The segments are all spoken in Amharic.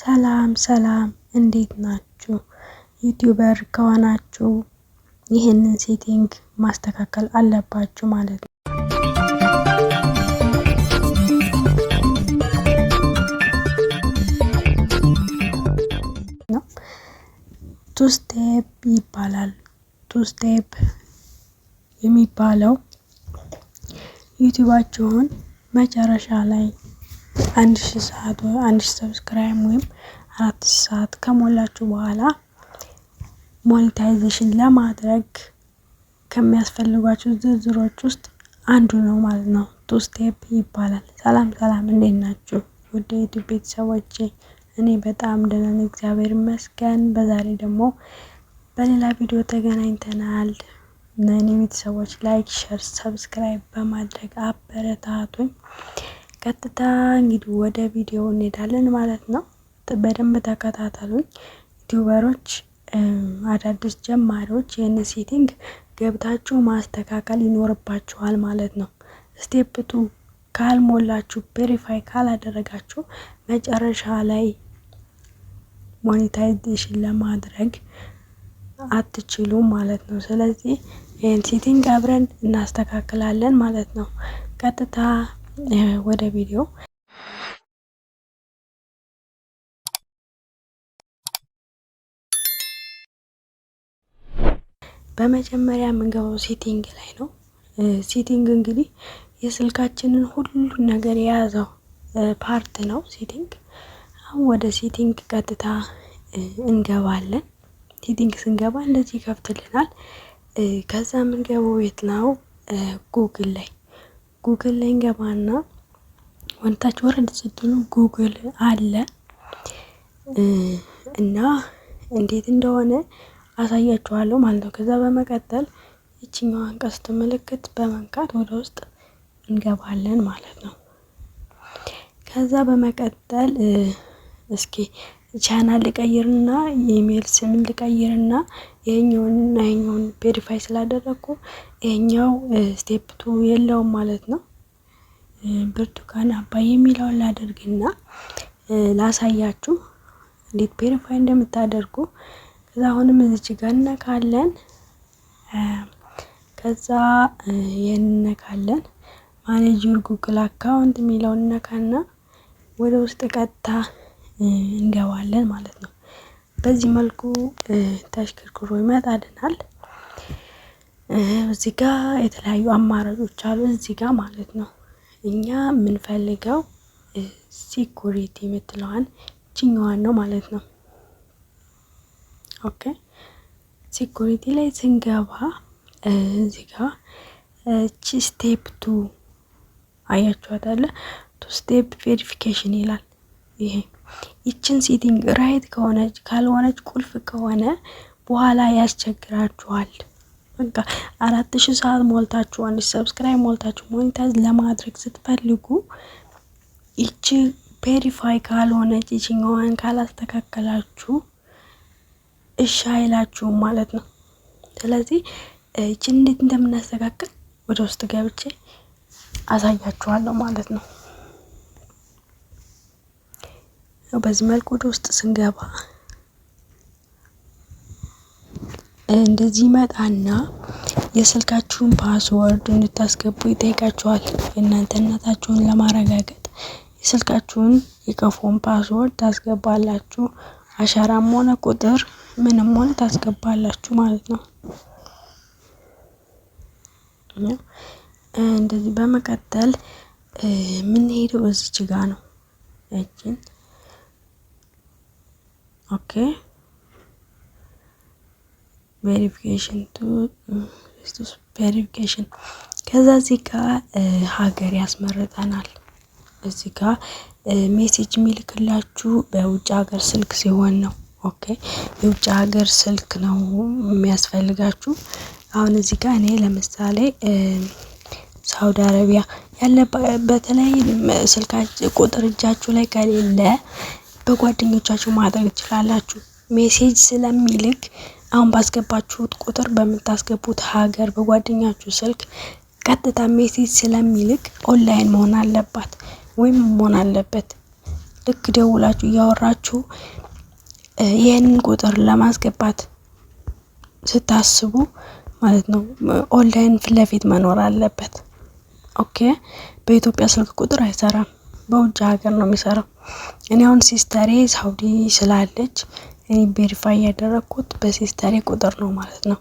ሰላም ሰላም እንዴት ናችሁ? ዩቲዩበር ከሆናችሁ ይህንን ሴቲንግ ማስተካከል አለባችሁ ማለት ነው። ቱ ስቴፕ ይባላል። ቱ ስቴፕ የሚባለው ዩቲዩባችሁን መጨረሻ ላይ አንድ ሺህ ሰዓት ወይም አንድ ሺህ ሰብስክራይብ ወይም አራት ሺህ ሰዓት ከሞላችሁ በኋላ ሞኔታይዜሽን ለማድረግ ከሚያስፈልጓችሁ ዝርዝሮች ውስጥ አንዱ ነው ማለት ነው። ቱ ስቴፕ ይባላል። ሰላም ሰላም፣ እንዴት ናችሁ ወደ ዩቱብ ቤተሰቦቼ? እኔ በጣም ደህና ነኝ እግዚአብሔር ይመስገን። በዛሬ ደግሞ በሌላ ቪዲዮ ተገናኝተናል። እኔ ቤተሰቦች ላይክ፣ ሸር፣ ሰብስክራይብ በማድረግ አበረታቱኝ። ቀጥታ እንግዲህ ወደ ቪዲዮ እንሄዳለን ማለት ነው። በደንብ ተከታተሉኝ። ዩቲዩበሮች፣ አዳዲስ ጀማሪዎች ይህን ሴቲንግ ገብታችሁ ማስተካከል ይኖርባችኋል ማለት ነው። ስቴፕ ቱ ካልሞላችሁ ቬሪፋይ ካላደረጋችሁ መጨረሻ ላይ ሞኔታይዜሽን ለማድረግ አትችሉም ማለት ነው። ስለዚህ ይህን ሴቲንግ አብረን እናስተካክላለን ማለት ነው። ቀጥታ ወደ ቪዲዮ በመጀመሪያ የምንገባው ሴቲንግ ላይ ነው። ሴቲንግ እንግዲህ የስልካችንን ሁሉን ነገር የያዘው ፓርት ነው። ሴቲንግ አሁን ወደ ሴቲንግ ቀጥታ እንገባለን። ሴቲንግ ስንገባ እንደዚህ ይከፍትልናል። ከዛ የምንገባው የት ነው? ጉግል ላይ ጉግል ላይ እንገባና ወንታች ወረድ ስትሉ ጉግል አለ እና እንዴት እንደሆነ አሳያችኋለሁ ማለት ነው። ከዛ በመቀጠል ይችኛዋን ቀስት ምልክት በመንካት ወደ ውስጥ እንገባለን ማለት ነው። ከዛ በመቀጠል እስኪ ቻናል ልቀይርና የኢሜይል ስምን ልቀይርና ይሄኛውንና ይሄኛውን ቬሪፋይ ስላደረግኩ ይሄኛው ስቴፕ ቱ የለውም ማለት ነው። ብርቱካን አባይ የሚለውን ላደርግና ላሳያችሁ እንዴት ቬሪፋይ እንደምታደርጉ። ከዛ አሁንም እዚች ጋር እነካለን። ከዛ የንነካለን ማኔጅ ዩር ጉግል አካውንት የሚለውን እነካና ወደ ውስጥ ቀጥታ እንገባለን ማለት ነው። በዚህ መልኩ ተሽከርክሮ ይመጣልናል። እዚህ ጋ የተለያዩ አማራጮች አሉ። እዚህ ጋ ማለት ነው እኛ የምንፈልገው ሲኩሪቲ የምትለዋን ችኛዋን ነው ማለት ነው። ኦኬ ሲኩሪቲ ላይ ስንገባ እዚህ ጋ እቺ ስቴፕ ቱ አያችኋት ቱ ስቴፕ ቬሪፊኬሽን ይላል ይሄ ይችን ሴቲንግ ራይት ከሆነች ካልሆነች ቁልፍ ከሆነ በኋላ ያስቸግራችኋል። በቃ አራት ሺህ ሰዓት ሞልታችሁ አንድ ሰብስክራይብ ሞልታችሁ ሞኒታይዝ ለማድረግ ስትፈልጉ ይቺ ቬሪፋይ ካልሆነች ይችኛዋን ካላስተካከላችሁ እሺ አይላችሁም ማለት ነው። ስለዚህ ይችን እንዴት እንደምናስተካከል ወደ ውስጥ ገብቼ አሳያችኋለሁ ማለት ነው። ያው በዚህ መልኩ ወደ ውስጥ ስንገባ እንደዚህ ይመጣና የስልካችሁን ፓስወርድ እንድታስገቡ ይጠይቃችኋል። የእናንተ እናታችሁን ለማረጋገጥ የስልካችሁን የቀፎን ፓስወርድ ታስገባላችሁ። አሻራም ሆነ ቁጥር ምንም ሆነ ታስገባላችሁ ማለት ነው። እንደዚህ በመቀጠል የምንሄደው እዚች ጋ ነው እችን ኦኬ ቬሪፊኬሽን ቱ ቬሪፊኬሽን። ከዛ እዚህ ጋር ሀገር ያስመርጠናል። እዚህ ጋር ሜሴጅ የሚልክላችሁ በውጭ ሀገር ስልክ ሲሆን ነው። ኦኬ የውጭ ሀገር ስልክ ነው የሚያስፈልጋችሁ። አሁን እዚህ ጋር እኔ ለምሳሌ ሳውዲ አረቢያ ያለ በተለይ ስልካችሁ ቁጥር እጃችሁ ላይ ከሌለ በጓደኞቻችሁ ማድረግ ትችላላችሁ። ሜሴጅ ስለሚልክ አሁን ባስገባችሁት ቁጥር በምታስገቡት ሀገር በጓደኛችሁ ስልክ ቀጥታ ሜሴጅ ስለሚልክ ኦንላይን መሆን አለባት ወይም መሆን አለበት። ልክ ደውላችሁ እያወራችሁ ይህንን ቁጥር ለማስገባት ስታስቡ ማለት ነው ኦንላይን ፊት ለፊት መኖር አለበት። ኦኬ፣ በኢትዮጵያ ስልክ ቁጥር አይሰራም። በውጭ ሀገር ነው የሚሰራው። እኔ አሁን ሲስተሬ ሳውዲ ስላለች እኔ ቬሪፋይ ያደረግኩት በሲስተሬ ቁጥር ነው ማለት ነው።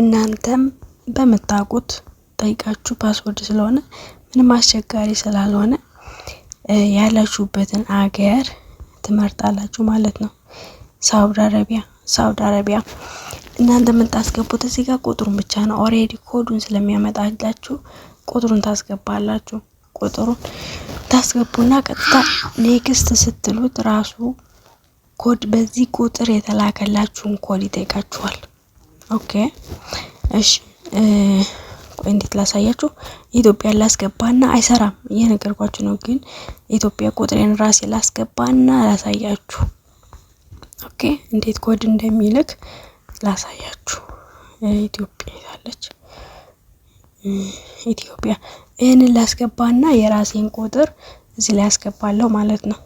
እናንተም በምታውቁት ጠይቃችሁ ፓስወርድ ስለሆነ ምንም አስቸጋሪ ስላልሆነ ያላችሁበትን አገር ትመርጣላችሁ ማለት ነው። ሳውዲ አረቢያ ሳውዲ አረቢያ እናንተ የምታስገቡት እዚህ ጋር ቁጥሩን ብቻ ነው። ኦሬዲ ኮዱን ስለሚያመጣላችሁ ቁጥሩን ታስገባላችሁ። ቁጥሩን ታስገቡና ቀጥታ ኔክስት ስትሉት ራሱ ኮድ በዚህ ቁጥር የተላከላችሁን ኮድ ይጠይቃችኋል። ኦኬ እሺ፣ እንዴት ላሳያችሁ? ኢትዮጵያ ላስገባና አይሰራም፣ እየነገርኳችሁ ነው። ግን ኢትዮጵያ ቁጥሬን ራሴ ላስገባና ላሳያችሁ። ኦኬ፣ እንዴት ኮድ እንደሚልክ ላሳያችሁ። ኢትዮጵያ ይላለች። ኢትዮጵያ ይህንን ላስገባና የራሴን ቁጥር እዚህ ላይ ያስገባለሁ ማለት ነው።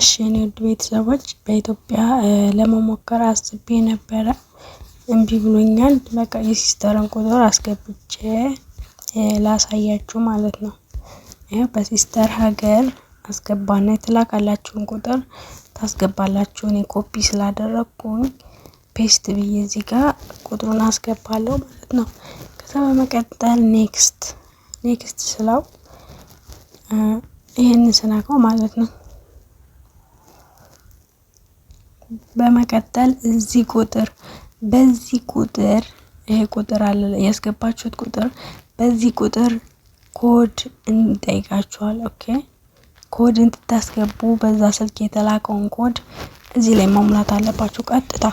እሺ እኔ ውድ ቤተሰቦች በኢትዮጵያ ለመሞከር አስቤ ነበረ፣ እምቢ ብሎኛል። በቃ የሲስተርን ቁጥር አስገብቼ ላሳያችሁ ማለት ነው። በሲስተር ሀገር አስገባና የተላካላችሁን ቁጥር ታስገባላችሁ። እኔ ኮፒ ስላደረግኩኝ ፔስት ብዬ እዚህ ጋር ቁጥሩን አስገባለሁ ማለት ነው። ከዛ በመቀጠል ኔክስት ኔክስት ስለው ይህን ስነካው ማለት ነው። በመቀጠል እዚህ ቁጥር በዚህ ቁጥር ይሄ ቁጥር አለ ያስገባችሁት ቁጥር በዚህ ቁጥር ኮድ እንጠይቃችኋል። ኦኬ ኮድ እንድታስገቡ በዛ ስልክ የተላከውን ኮድ እዚህ ላይ መሙላት አለባችሁ ቀጥታ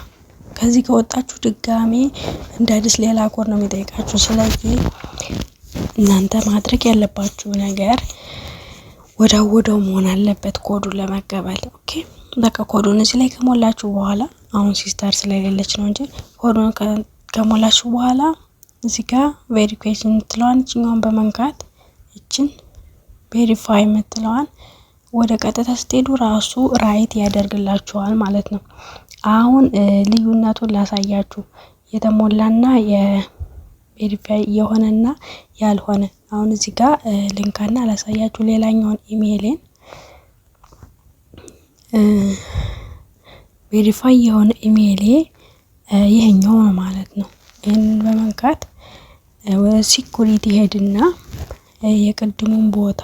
ከዚህ ከወጣችሁ ድጋሜ እንደ አዲስ ሌላ አኮር ነው የሚጠይቃችሁ። ስለዚህ እናንተ ማድረግ ያለባችሁ ነገር ወዳው ወዳው መሆን አለበት ኮዱን ለመቀበል። ኦኬ በቃ ኮዱን እዚህ ላይ ከሞላችሁ በኋላ አሁን ሲስተር ስለሌለች ነው እንጂ ኮዱን ከሞላችሁ በኋላ እዚህ ጋር ቬሪፊኬሽን የምትለዋን እችኛዋን በመንካት ይችን ቬሪፋይ የምትለዋን ወደ ቀጥታ ስትሄዱ ራሱ ራይት ያደርግላችኋል ማለት ነው። አሁን ልዩነቱን ላሳያችሁ። የተሞላና የቬሪፋይ የሆነና ያልሆነ አሁን እዚህ ጋር ልንካና ላሳያችሁ። ሌላኛውን ኢሜይልን ቬሪፋይ የሆነ ኢሜይሌ ይሄኛው ነው ማለት ነው። ይህን በመንካት ወደ ሲኩሪቲ ሄድና የቅድሙን ቦታ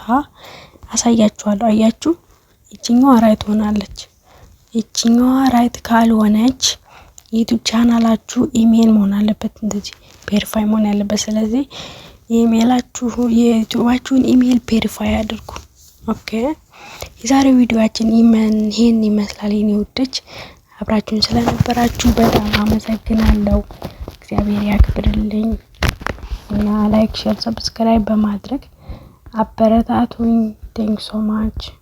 አሳያችኋለሁ። አያችሁ ይችኛዋ ራይት ሆናለች። ይችኛዋ ራይት ካልሆነች ዩቱብ ቻናላችሁ ኢሜል መሆን አለበት፣ እንደዚህ ቬሪፋይ መሆን ያለበት። ስለዚህ ኢሜላችሁ የዩቱባችሁን ኢሜል ቬሪፋይ አድርጉ። ኦኬ የዛሬው ቪዲዮአችን ይህን ይመስላል። ይህን ውዶች አብራችሁን ስለነበራችሁ በጣም አመሰግናለሁ። እግዚአብሔር ያክብርልኝ እና ላይክ፣ ሼር፣ ሰብስክራይብ በማድረግ አበረታቱኝ። Thanks so much.